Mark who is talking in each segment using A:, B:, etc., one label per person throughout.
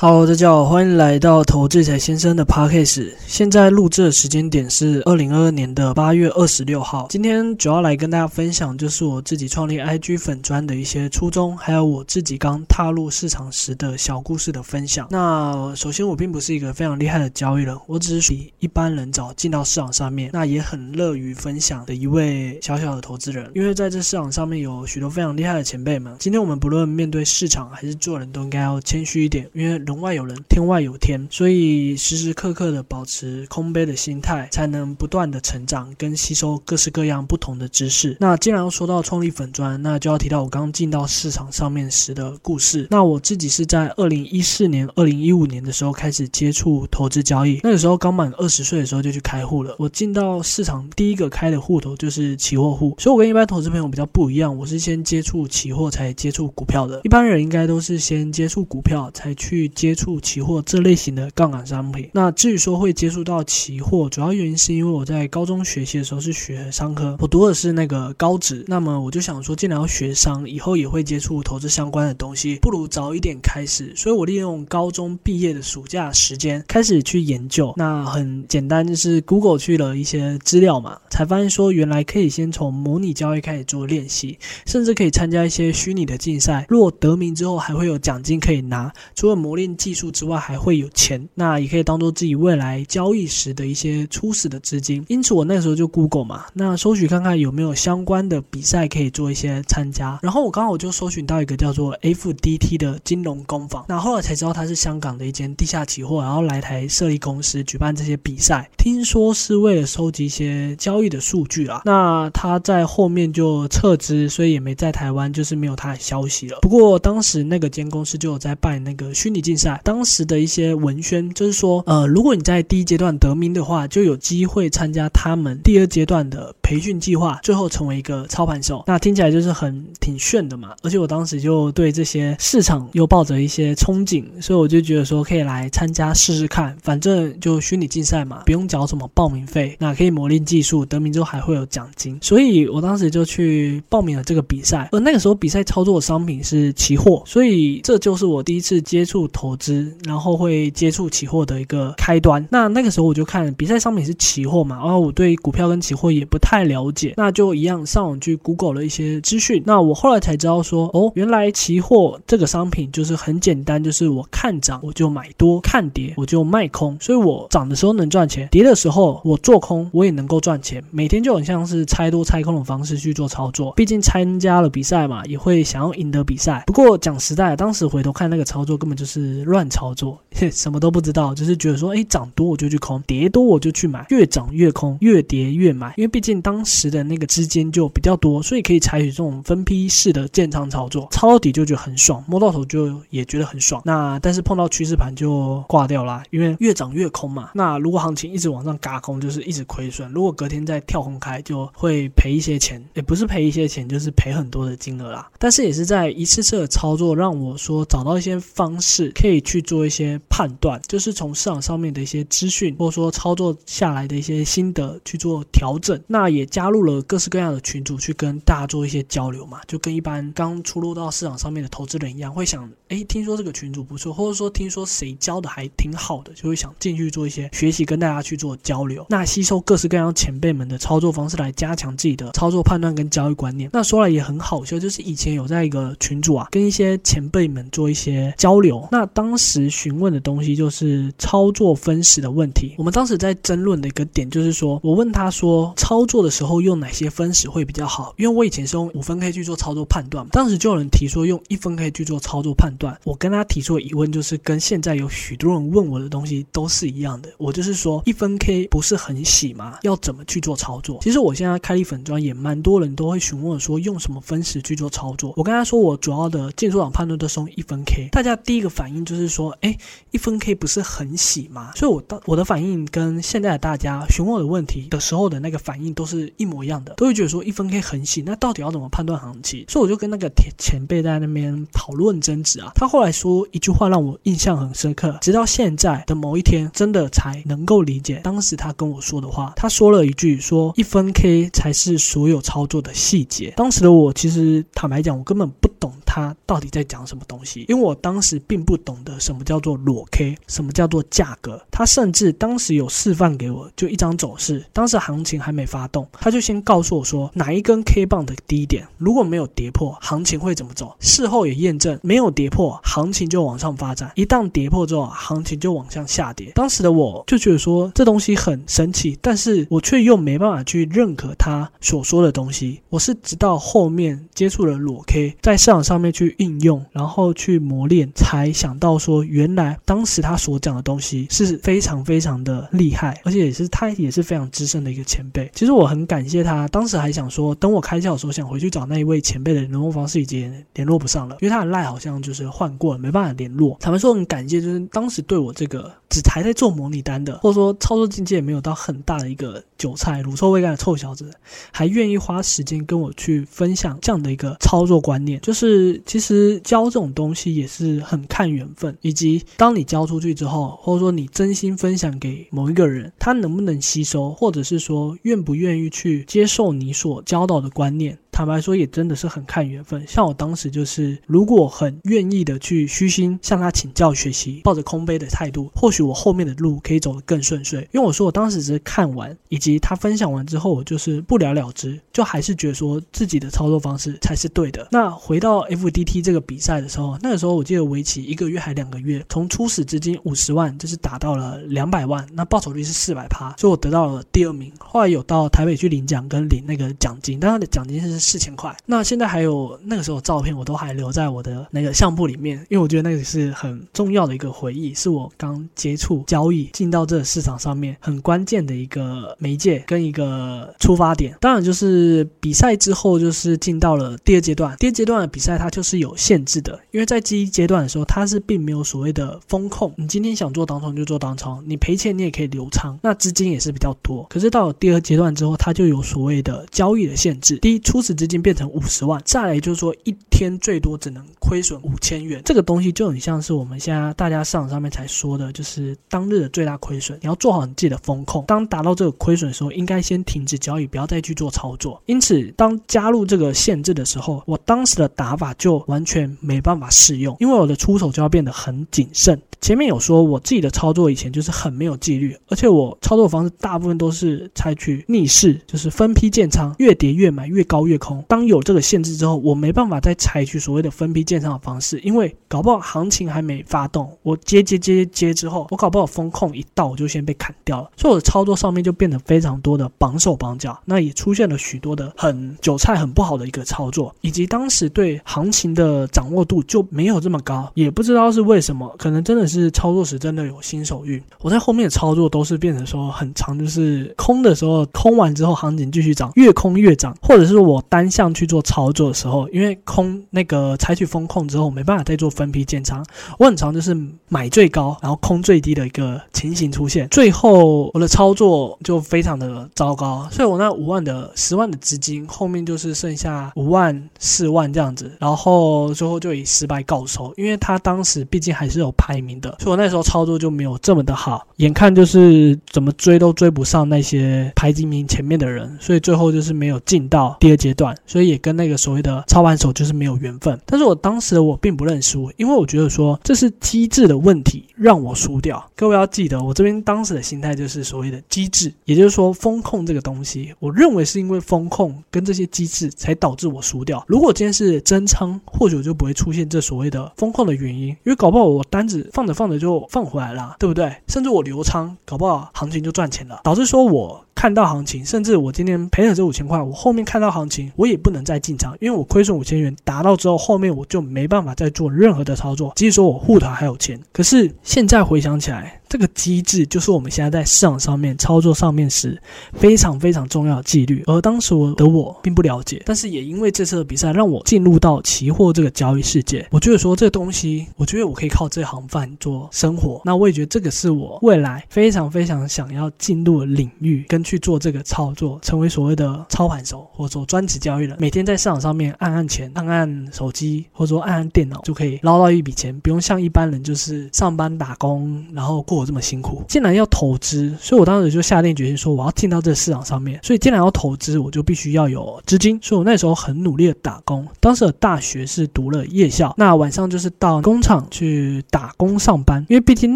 A: 好，Hello, 大家好，歡迎來到投資理財先生的 podcast。現在錄制的時間點是二零二二年的八月二十六號。今天主要來跟大家分享，就是我自己創立 IG 粉專的一些初衷，還有我自己剛踏入市場時的小故事的分享。那首先，我並不是一個非常厲害的交易人，我只是屬於一般人，早進到市場上面，那也很樂於分享的一位小小的投資人。因為在這市場上面有許多非常厲害的前輩們。今天我們不論面對市場還是做人，都應該要謙虛一點，因為。人外有人，天外有天，所以時時刻刻的保持空杯的心態，才能不斷的成長跟吸收各式各樣不同的知識。那既然說到創立粉專，那就要提到我剛進到市場上面時的故事。那我自己是在二零一四年、二零一五年的時候開始接觸投資交易。那個時候剛滿二十歲的時候就去開戶了。我進到市場第一個開的戶頭就是期貨戶，所以我跟一般投資朋友比較不一樣，我是先接觸期貨才接觸股票的。一般人應該都是先接觸股票才去。接觸期貨這類型的槓桿商品。那至於說會接觸到期貨，主要原因是因為我在高中學習的時候是學商科，我讀的是那個高職。那麼我就想說，既然要學商，以後也會接觸投資相關的東西，不如早一點開始。所以我利用高中畢業的暑假時間開始去研究。那很簡單，就是 Google 去了一些資料嘛，才發現說原來可以先從模擬交易開始做練習，甚至可以參加一些虛擬的競賽。如果得名之後，還會有獎金可以拿。除了磨練。技術之外還會有錢，那也可以當做自己未來交易時的一些初始的資金。因此我那個時候就 Google 嘛，那搜尋看看有沒有相關的比賽可以做一些參加。然後我剛好我就搜尋到一個叫做 FDT 的金融工坊，那後來才知道它是香港的一間地下期貨，然後來台設立公司舉辦這些比賽。聽說是為了收集一些交易的數據啊，那他在後面就撤資，所以也沒在台灣，就是沒有他的消息了。不過當時那個間公司就有在辦那個虛擬金。競賽當時的一些文宣，就是說，呃，如果你在第一階段得名的話，就有機會參加他們第二階段的培訓計劃，最後成為一個操盤手。那聽起來就是很挺炫的嘛，而且我當時就對這些市場又抱着一些憧憬，所以我就覺得說可以來參加試試看，反正就虛擬競賽嘛，不用繳什麼報名費，那可以磨練技術，得名之後還會有獎金。所以我當時就去報名了這個比賽。而那個時候比賽操作的商品是期貨，所以這就是我第一次接觸。投資，然後會接觸期貨的一個開端。那那個時候我就看比賽，商品是期貨嘛，然、啊、後我對股票跟期貨也不太了解，那就一樣上網去 Google 了一些資訊。那我後來才知道說，哦，原來期貨這個商品就是很簡單，就是我看漲我就買多，看跌我就賣空，所以我漲的時候能賺錢，跌的時候我做空我也能夠賺錢。每天就很像是猜多猜空的方式去做操作。畢竟參加了比賽嘛，也會想要贏得比賽。不過講實在，當時回頭看那個操作根本就是。亂操作，什麼都不知道，就是覺得說，哎，漲多我就去空，跌多我就去買，越漲越空，越跌越買。因為畢竟當時的那個資金就比較多，所以可以採取這種分批式的建倉操作，抄底就覺得很爽，摸到頭就也覺得很爽。那但是碰到趨勢盤就掛掉啦，因為越漲越空嘛。那如果行情一直往上嘎空，就是一直虧損。如果隔天再跳空開，就會賠一些錢，也不是賠一些錢，就是賠很多的金額啦。但是也是在一次次的操作，讓我說找到一些方式。可以去做一些判斷，就是從市場上面的一些資訊，或者說操作下來的一些心得去做調整。那也加入了各式各樣的群組去跟大家做一些交流嘛，就跟一般剛出入到市場上面的投資人一樣，會想。哎，聽說這個群組不錯，或者說聽說誰教的還挺好的，就會想進去做一些學習，跟大家去做交流，那吸收各式各樣前輩們的操作方式來加強自己的操作判斷跟交易觀念。那說來也很好笑，就是以前有在一個群組啊，跟一些前輩們做一些交流，那當時詢問的東西就是操作分時的問題。我們當時在爭論的一個點就是說，我問他說，操作的時候用哪些分時會比較好？因為我以前是用五分 K 去做操作判斷，當時就有人提說用一分 K 去做操作判斷。我跟他提出的疑問，就是跟現在有許多人問我的東西都是一樣的。我就是說，一分 K 不是很洗嗎？要怎麼去做操作？其實我現在開立粉專也蠻多人都會詢問說，用什麼分時去做操作？我跟他說，我主要的進出場判斷都是用一分 K。大家第一個反應就是說，哎，一分 K 不是很洗嗎？所以，我當我的反應跟現在的大家詢問我的問題的時候的那個反應都是一模一樣的，都會覺得說一分 K 很洗，那到底要怎麼判斷行情？所以，我就跟那個前前輩在那邊討論爭執啊。他後來說一句話，讓我印象很深刻，直到現在的某一天，真的才能夠理解當時他跟我說的話。他說了一句說，一分 K 才是所有操作的細節。當時的我其實坦白講，我根本不懂。他到底在講什麼東西？因為我當時並不懂得什麼叫做裸 K，什麼叫做價格。他甚至當時有示範給我，就一張走勢，當時行情還沒發動，他就先告訴我說哪一根 K 棒的低點如果沒有跌破，行情會怎麼走。事後也驗證，沒有跌破，行情就往上發展；一旦跌破之後，行情就往下下跌。當時的我就覺得說這東西很神奇，但是我卻又沒辦法去認可他所說的東西。我是直到後面接觸了裸 K，在市場上。面去應用，然後去磨練，才想到說，原來當時他所講的東西是非常非常的厲害，而且也是他也是非常資深的一個前輩。其實我很感謝他，當時還想說，等我開竅的時候，想回去找那一位前輩的聯絡方式已經聯絡不上了，因為他的賴好像就是換過了，沒辦法聯絡。坦白說，很感謝，就是當時對我這個只還在做模擬單的，或者說操作境界沒有到很大的一個韭菜，乳臭未乾的臭小子，還願意花時間跟我去分享這樣的一個操作觀念，就是。其實教這種東西也是很看緣分，以及當你教出去之後，或者說你真心分享給某一個人，他能不能吸收，或者是說願不願意去接受你所教導的觀念。坦白說，也真的是很看緣分。像我當時就是，如果很願意的去虛心向他請教學習，抱着空杯的態度，或許我後面的路可以走得更順遂。因為我說，我當時只是看完，以及他分享完之後，我就是不了了之，就還是覺得說自己的操作方式才是對的。那回到 FDT 這個比賽的時候，那個時候我記得為期一個月還兩個月，從初始資金五十萬就是打到了兩百萬，那報酬率是四百趴，所以我得到了第二名。後來有到台北去領獎跟領那個獎金，但他的獎金是。四千塊。那現在還有那個時候照片，我都還留在我的那個相簿裡面，因為我覺得那個是很重要的一個回憶，是我剛接觸交易進到這個市場上面很關鍵的一個媒介跟一個出發點。當然，就是比賽之後就是進到了第二階段，第二階段的比賽它就是有限制的，因為在第一階段的時候它是並沒有所謂的風控，你今天想做當沖就做當沖，你賠錢你也可以留倉，那資金也是比較多。可是到了第二階段之後，它就有所謂的交易的限制。第一，初始。資金變成五十萬，再來就是說一天最多只能虧損五千元，這個東西就很像是我們現在大家市場上面才說的，就是當日的最大虧損，你要做好你自己的風控。當達到這個虧損的時候，應該先停止交易，不要再去做操作。因此，當加入這個限制的時候，我當時的打法就完全沒辦法適用，因為我的出手就要變得很謹慎。前面有說我自己的操作以前就是很沒有紀律，而且我操作方式大部分都是採取逆勢，就是分批建倉，越跌越買，越高越高。空，當有這個限制之後，我沒辦法再採取所謂的分批建倉的方式，因為搞不好行情還沒發動，我接接接接之後，我搞不好風控一到我就先被砍掉了，所以我的操作上面就變得非常多的綁手綁腳，那也出現了許多的很韭菜很不好的一個操作，以及當時對行情的掌握度就沒有這麼高，也不知道是為什麼，可能真的是操作時真的有新手運。我在後面的操作都是變成說很長，就是空的時候空完之後，行情繼續漲，越空越漲，或者是我。單向去做操作的時候，因為空那個採取風控之後，沒辦法再做分批建倉。我很常就是買最高，然後空最低的一個情形出現，最後我的操作就非常的糟糕。所以我那五萬的十萬的資金，後面就是剩下五萬四萬這樣子，然後最後就以失敗告終。因為他當時畢竟還是有排名的，所以我那時候操作就沒有這麼的好。眼看就是怎麼追都追不上那些排第一名前面的人，所以最後就是沒有進到第二階段。所以也跟那個所謂的操盤手就是沒有緣分，但是我當時我並不認輸，因為我覺得說這是機制的問題讓我輸掉。各位要記得，我這邊當時的心態就是所謂的機制，也就是說風控這個東西，我認為是因為風控跟這些機制才導致我輸掉。如果今天是增倉，或許我就不會出現這所謂的風控的原因，因為搞不好我單子放着放着就放回來了，對不對？甚至我留倉，搞不好行情就賺錢了，導致說我。看到行情，甚至我今天賠了這五千塊，我後面看到行情，我也不能再進場，因為我虧損五千元達到之後，後面我就沒辦法再做任何的操作。即使說我戶頭還有錢，可是現在回想起來。這個機制就是我們現在在市場上面操作上面時非常非常重要的紀律，而當時的我，我並不了解，但是也因為這次的比賽讓我進入到期貨這個交易世界。我覺得說這個東西，我覺得我可以靠這行飯做生活。那我也覺得這個是我未來非常非常想要進入的領域跟去做這個操作，成為所謂的操盤手或者說專職交易人，每天在市場上面按按錢、按按手機或者說按按電腦就可以撈到一筆錢，不用像一般人就是上班打工然後過。我這麼辛苦，既然要投資，所以我當時就下定決心說我要進到這個市場上面。所以既然要投資，我就必須要有資金。所以我那時候很努力的打工。當時的大學是讀了夜校，那晚上就是到工廠去打工上班。因為畢竟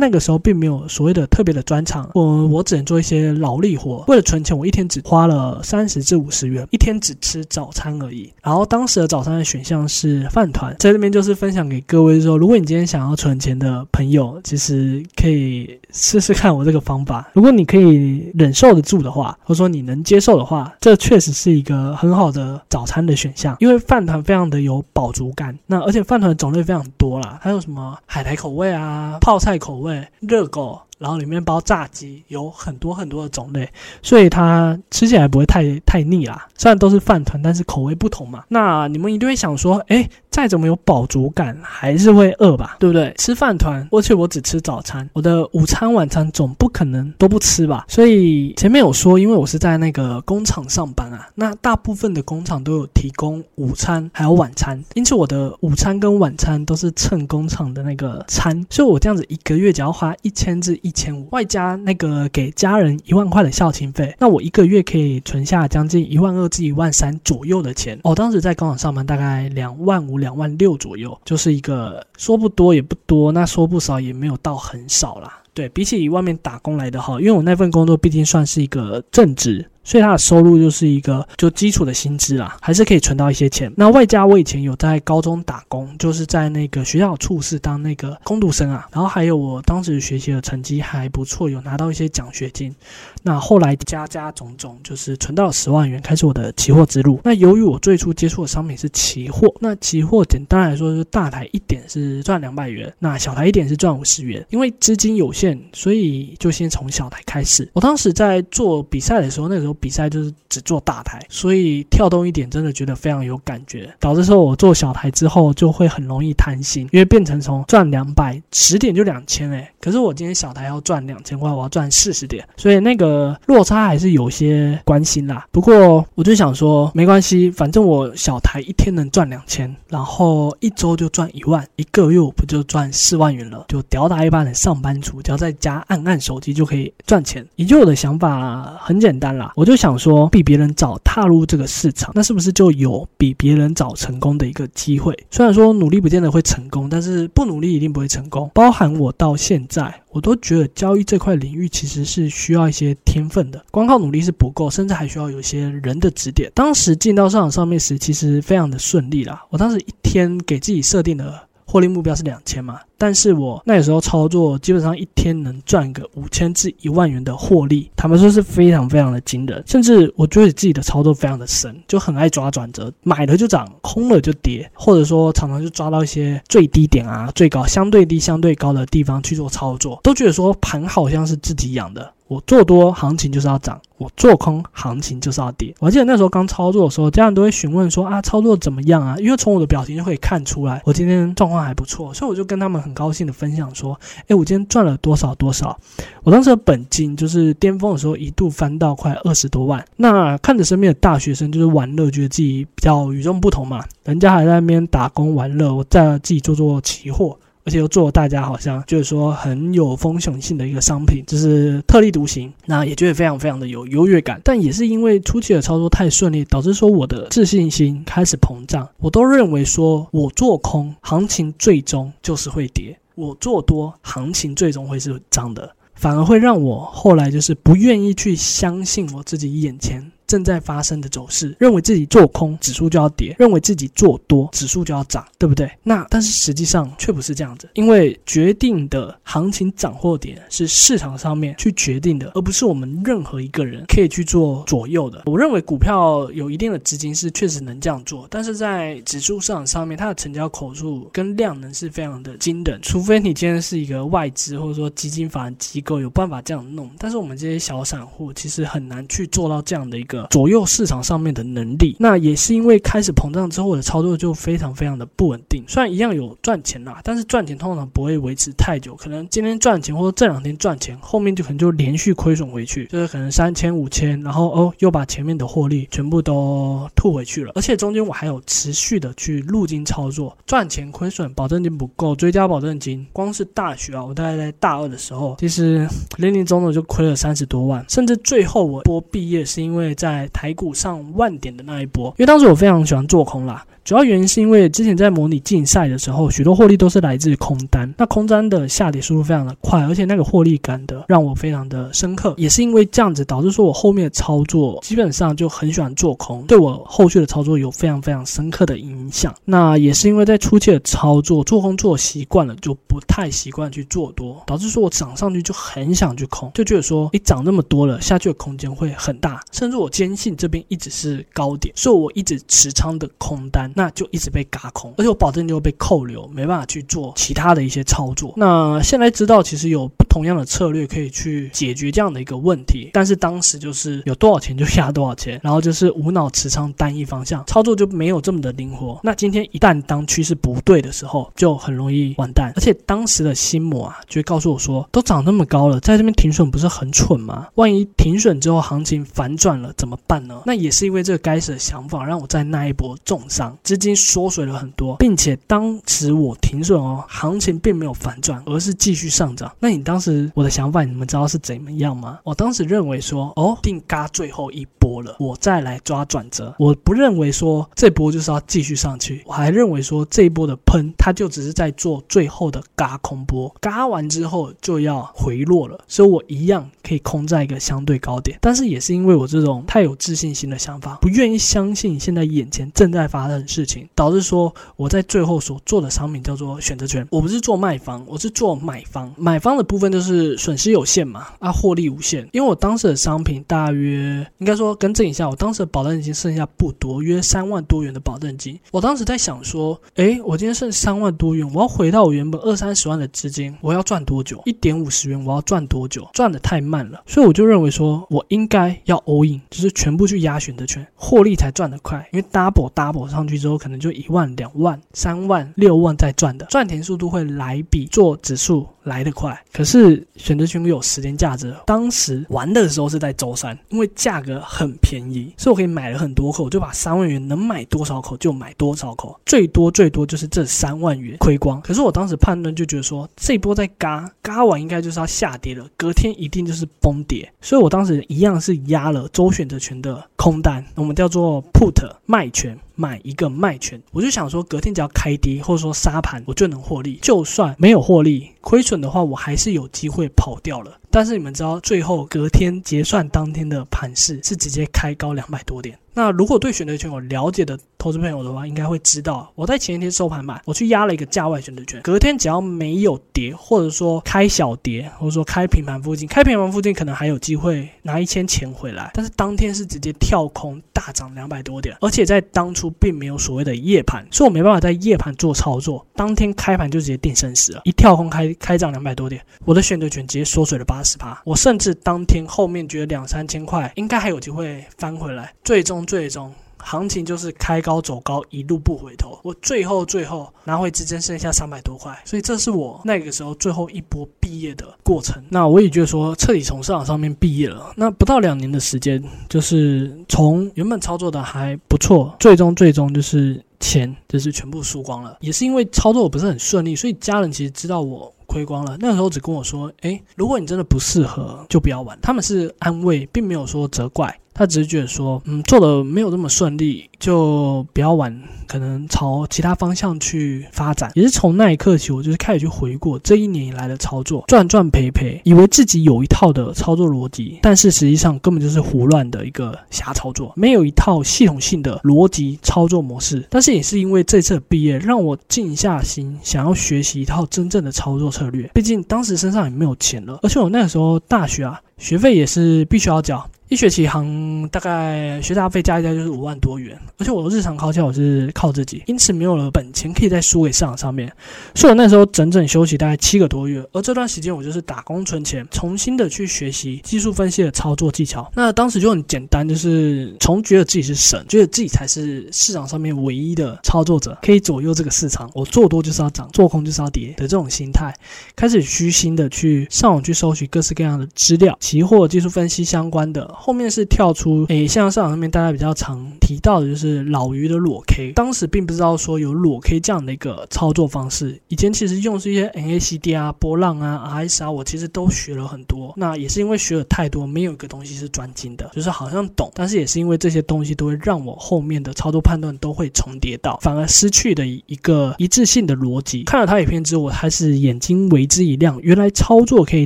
A: 那個時候並沒有所謂的特別的專長，我我只能做一些勞力活。為了存錢，我一天只花了三十至五十元，一天只吃早餐而已。然後當時的早餐的選項是飯糰。在這邊就是分享給各位說，如果你今天想要存錢的朋友，其實可以。試試看我這個方法，如果你可以忍受得住的話，或者說你能接受的話，這確實是一個很好的早餐的選項，因為飯糰非常的有飽足感。那而且飯糰種類非常多啦，還有什麼海苔口味啊、泡菜口味、熱狗。然後裡面包炸雞，有很多很多的種類，所以它吃起來不會太太膩啦。雖然都是飯糰，但是口味不同嘛。那你們一定會想說，哎，再怎麼有飽足感，還是會餓吧？對不對？吃飯糰，過去我只吃早餐，我的午餐、晚餐總不可能都不吃吧？所以前面有說，因為我是在那個工廠上班啊，那大部分的工廠都有提供午餐還有晚餐，因此我的午餐跟晚餐都是蹭工廠的那個餐，所以我這樣子一個月只要花一千至一。千五，外加那個給家人一萬塊的孝親費，那我一個月可以存下將近一萬二至一萬三左右的錢。哦，當時在工廠上班，大概兩萬五、兩萬六左右，就是一個說不多也不多，那說不少也沒有到很少啦。對比起外面打工來的好，因為我那份工作畢竟算是一個正職。所以他的收入，就是一個就基礎的薪資啊，還是可以存到一些錢。那外加我以前有在高中打工，就是在那個學校處室當那個工讀生啊。然後還有我當時學習的成績還不錯，有拿到一些獎學金。那後來加加總總，就是存到了十萬元，開始我的期貨之路。那由於我最初接觸的商品是期貨，那期貨簡單來說就是大台一點是賺兩百元，那小台一點是賺五十元。因為資金有限，所以就先從小台開始。我當時在做比賽的時候，那個時候。比賽就是只做大台，所以跳動一點真的覺得非常有感覺。導致說，我做小台之後就會很容易貪心，因為變成從賺兩百十點就兩千哎、欸。可是我今天小台要賺兩千塊，我要賺四十點，所以那個落差還是有些關心啦。不過我就想說，沒關係，反正我小台一天能賺兩千，然後一周就賺一萬，一個月我不就賺四萬元了？就屌打一般的上班族，只要在家按按手機就可以賺錢。也就我的想法、啊、很簡單啦，我就想說，比別人早踏入這個市場，那是不是就有比別人早成功的一個機會？雖然說努力不見得會成功，但是不努力一定不會成功。包含我到現在，我都覺得交易這塊領域其實是需要一些天分的，光靠努力是不夠，甚至還需要有些人的指點。當時進到市場上面時，其實非常的順利啦。我當時一天給自己設定了。獲利目標是兩千嘛，但是我那個時候操作，基本上一天能賺個五千至一萬元的獲利，他們說是非常非常的驚人，甚至我覺得自己的操作非常的神，就很愛抓轉折，買了就漲，空了就跌，或者說常常就抓到一些最低點啊、最高、相對低、相對高的地方去做操作，都覺得說盤好像是自己養的。我做多行情就是要漲，我做空行情就是要跌。我記得那時候剛操作的時候，家人都會詢問說啊，操作怎麼樣啊？因為從我的表情就可以看出來，我今天狀況還不錯，所以我就跟他們很高興的分享說，誒、欸，我今天賺了多少多少。我當時的本金就是巔峰的時候一度翻到快二十多萬。那看着身邊的大學生就是玩樂，覺得自己比較與眾不同嘛，人家還在那邊打工玩樂，我在自己做做期貨。而且又做了大家好像就是說很有風險性的一個商品，就是特立獨行，那也覺得非常非常的有優越感。但也是因為初期的操作太順利，導致說我的自信心開始膨脹，我都認為說我做空行情最終就是會跌，我做多行情最終會是漲的，反而會讓我後來就是不願意去相信我自己眼前正在發生的走勢，認為自己做空指數就要跌，認為自己做多指數就要漲，對不對？那但是實際上卻不是這樣子，因為決定的行情漲或跌是市場上面去決定的，而不是我們任何一個人可以去做左右的。我認為股票有一定的資金是確實能這樣做，但是在指數市場上面，它的成交口數跟量能是非常的驚人，除非你今天是一個外資或者說基金法人機構有辦法這樣弄，但是我們這些小散戶其實很難去做到這樣的一個左右市場上面的能力。那也是因為開始膨脹之後我的操作就非常非常的不穩定。雖然一樣有賺錢啦，但是賺錢通常不會維持太久。可能今天賺錢或者這兩天賺錢，後面就可能就連續虧損回去，就是可能三千五千，然後哦又把前面的獲利全部都吐回去了。而且中間我還有持續的去入金操作，賺錢虧損，保證金不夠追加保證金。光是大學啊，我大概在大二的時候，其實林林總總就虧了三十多萬，甚至最後我播畢業是因為在。在台股上萬點的那一波，因為當時我非常喜歡做空啦，主要原因是因為之前在模擬競賽的時候，許多獲利都是來自空單。那空單的下跌速度非常的快，而且那個獲利感的讓我非常的深刻。也是因為這樣子，導致說我後面的操作基本上就很喜歡做空，對我後續的操作有非常非常深刻的影響。那也是因為在初期的操作做空做習慣了，就不太習慣去做多，導致說我漲上去就很想去空，就覺得說你漲那麼多了，下去的空間會很大，甚至我。堅信這邊一直是高點，所以我一直持倉的空單，那就一直被軋空，而且我保證就會被扣留，沒辦法去做其他的一些操作。那現在知道其實有。同樣的策略可以去解決這樣的一個問題，但是當時就是有多少錢就下多少錢，然後就是無腦持倉單一方向操作，就沒有這麼的靈活。那今天一旦當趨勢不對的時候，就很容易完蛋。而且當時的心魔啊，就告訴我說，都漲那麼高了，在這邊停損不是很蠢嗎？萬一停損之後行情反轉了怎麼辦呢？那也是因為這個該死的想法，讓我在那一波重傷，資金縮水了很多，並且當時我停損哦，行情並沒有反轉，而是繼續上漲。那你當時。是我的想法，你們知道是怎麼樣嗎？我當時認為說，哦，釘孤枝最後一步。波了，我再來抓轉折。我不認為說這波就是要繼續上去，我還認為說這一波的噴，它就只是在做最後的嘎空波，嘎完之後就要回落了。所以我一樣可以空在一個相對高點，但是也是因為我這種太有自信心的想法，不願意相信現在眼前正在發生的事情，導致說我在最後所做的商品叫做選擇權。我不是做賣方，我是做買方。買方的部分就是損失有限嘛，啊，獲利無限。因為我當時的商品大約應該說。更正一下，我當時的保證金剩下不多，約三萬多元的保證金。我當時在想說，誒、欸，我今天剩三萬多元，我要回到我原本二三十萬的資金，我要賺多久？一點五十元，我要賺多久？賺得太慢了，所以我就認為說，我應該要 all in，就是全部去壓選擇權，獲利才賺得快。因為 double double 上去之後，可能就一萬、兩萬、三萬、六萬再賺的，賺錢速度會來比做指數來得快，可是選擇權有時間價值。當時玩的時候是在週三，因為價格很便宜，所以我可以買了很多口，我就把三萬元能買多少口就買多少口，最多最多就是這三萬元虧光。可是我當時判斷就覺得說，這波在嘎，嘎完應該就是要下跌了，隔天一定就是崩跌，所以我當時一樣是壓了週選擇權的空單，我們叫做 put 賣權。買一個賣權，我就想說，隔天只要開跌，或者說殺盤，我就能獲利。就算沒有獲利，虧損的話，我還是有機會跑掉了。但是你們知道，最後隔天結算當天的盤勢是直接開高兩百多點。那如果對選擇權有了解的投資朋友的話，應該會知道，我在前一天收盤吧，我去壓了一個價外選擇權，隔天只要沒有跌，或者說開小跌，或者說開平盤附近，開平盤附近可能還有機會拿一千錢回來。但是當天是直接跳空大漲兩百多點，而且在當初並沒有所謂的夜盤，所以我沒辦法在夜盤做操作，當天開盤就直接定生死了，一跳空開開漲兩百多點，我的選擇權直接縮水了八十。我甚至當天後面覺得兩三千塊應該還有機會翻回來。最終最終，行情就是開高走高，一路不回頭。我最後最後拿回資金剩下三百多塊，所以這是我那個時候最後一波畢業的過程。那我也覺得說徹底從市場上面畢業了。那不到兩年的時間，就是從原本操作的還不錯，最終最終就是錢就是全部輸光了。也是因為操作不是很順利，所以家人其實知道我。虧光了，那時候只跟我說：“哎、欸，如果你真的不適合，就不要玩。”他們是安慰，並沒有說責怪。他只是覺得說，嗯，做的沒有那麼順利，就比較晚，可能朝其他方向去發展。也是從那一刻起，我就是開始去回顧過這一年以來的操作，賺賺賠賠，以為自己有一套的操作邏輯，但是實際上根本就是胡亂的一個瞎操作，沒有一套系統性的邏輯操作模式。但是也是因為這次畢業，讓我靜下心，想要學習一套真正的操作策略。畢竟當時身上也沒有錢了，而且我那個時候大學啊，學費也是必須要交。一學期行，大概學雜費加一加就是五萬多元，而且我的日常開銷我是靠自己，因此沒有了本錢可以再輸給市場上面，所以我那時候整整休息大概七個多月，而這段時間我就是打工存錢，重新的去學習技術分析的操作技巧。那當時就很簡單，就是從覺得自己是神，覺得自己才是市場上面唯一的操作者，可以左右這個市場，我做多就是要漲，做空就是要跌的這種心態，開始虛心的去上網去搜尋各式各樣的資料，期貨技術分析相關的。後面是跳出，誒，像市場上面大家比較常提到的就是老魚的裸 K，當時並不知道說有裸 K 這樣的一個操作方式。以前其實用是一些 MACD 啊、波浪啊、RS 啊，我其實都學了很多。那也是因為學了太多，沒有一個東西是專精的，就是好像懂，但是也是因為這些東西都會讓我後面的操作判斷都會重疊到，反而失去的一個一致性的邏輯。看了他影片之後，我還是眼睛為之一亮，原來操作可以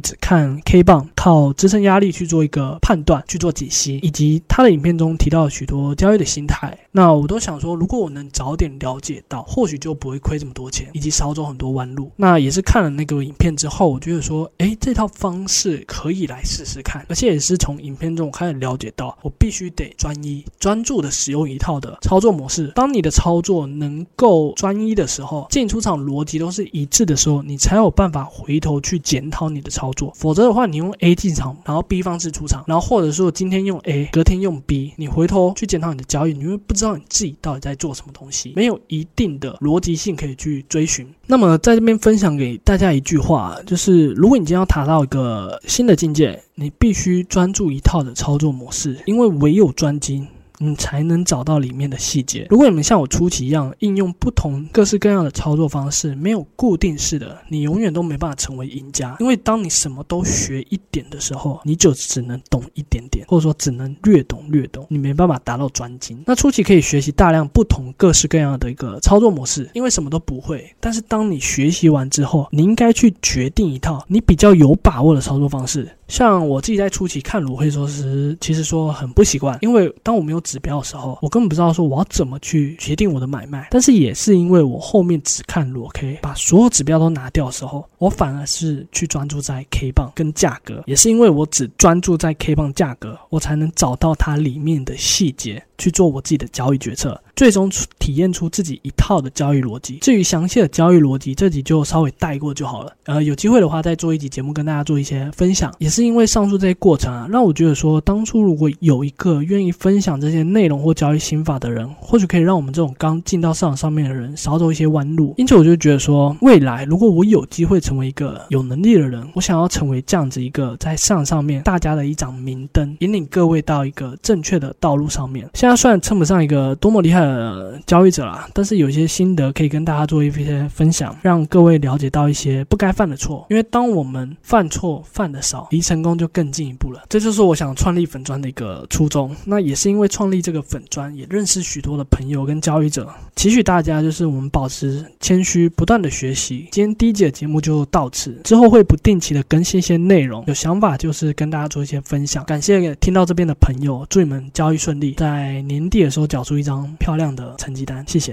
A: 只看 K 棒，靠支撐壓力去做一個判斷，去。做解析，以及他的影片中提到許多交易的心態，那我都想說，如果我能早點了解到，或許就不會虧這麼多錢，以及少走很多彎路。那也是看了那個影片之後，我覺得說，哎，這套方式可以來試試看。而且也是從影片中我開始了解到，我必須得專一、專注的使用一套的操作模式。當你的操作能夠專一的時候，進出場邏輯都是一致的時候，你才有辦法回頭去檢討你的操作。否則的話，你用 A 進場，然後 B 方式出場，然後或者說。今天用 A，隔天用 B，你回頭去檢討你的交易，你會不知道你自己到底在做什麼東西，沒有一定的邏輯性可以去追尋。那麼在這邊分享給大家一句話，就是如果你今天要達到一個新的境界，你必須專注一套的操作模式，因為唯有專精。你才能找到裡面的細節。如果你們像我初期一樣，應用不同各式各樣的操作方式，沒有固定式的，你永遠都沒辦法成為贏家。因為當你什麼都學一點的時候，你就只能懂一點點，或者說只能略懂略懂，你沒辦法達到專精。那初期可以學習大量不同各式各樣的一個操作模式，因為什麼都不會。但是當你學習完之後，你應該去決定一套你比較有把握的操作方式。像我自己在初期看蘆會說時，其實說很不習慣，因為當我沒有。指標的時候，我根本不知道說我要怎麼去決定我的買賣。但是也是因為我後面只看裸 K，把所有指標都拿掉的時候，我反而是去專注在 K 棒跟價格。也是因為我只專注在 K 棒價格，我才能找到它裡面的細節。去做我自己的交易決策，最終體驗出自己一套的交易邏輯。至於詳細的交易邏輯，這集就稍微帶過就好了。呃，有機會的話再做一集節目跟大家做一些分享。也是因為上述這些過程啊，讓我覺得說，當初如果有一個願意分享這些內容或交易心法的人，或許可以讓我們這種剛進到市場上面的人少走一些彎路。因此，我就覺得說，未來如果我有機會成為一個有能力的人，我想要成為這樣子一個在市場上面大家的一盞明燈，引領各位到一個正確的道路上面。像。那算稱不上一個多麼厲害的交易者啦，但是有些心得可以跟大家做一些分享，讓各位了解到一些不該犯的錯。因為當我們犯錯犯的少，離成功就更進一步了。這就是我想創立粉專的一個初衷。那也是因為創立這個粉專，也認識許多的朋友跟交易者，期許大家就是我們保持謙虛，不斷的學習。今天第一集的節目就到此，之後會不定期的更新一些內容，有想法就是跟大家做一些分享。感謝聽到這邊的朋友，祝你們交易順利，在，年底的時候，繳出一張漂亮的成績單。謝謝。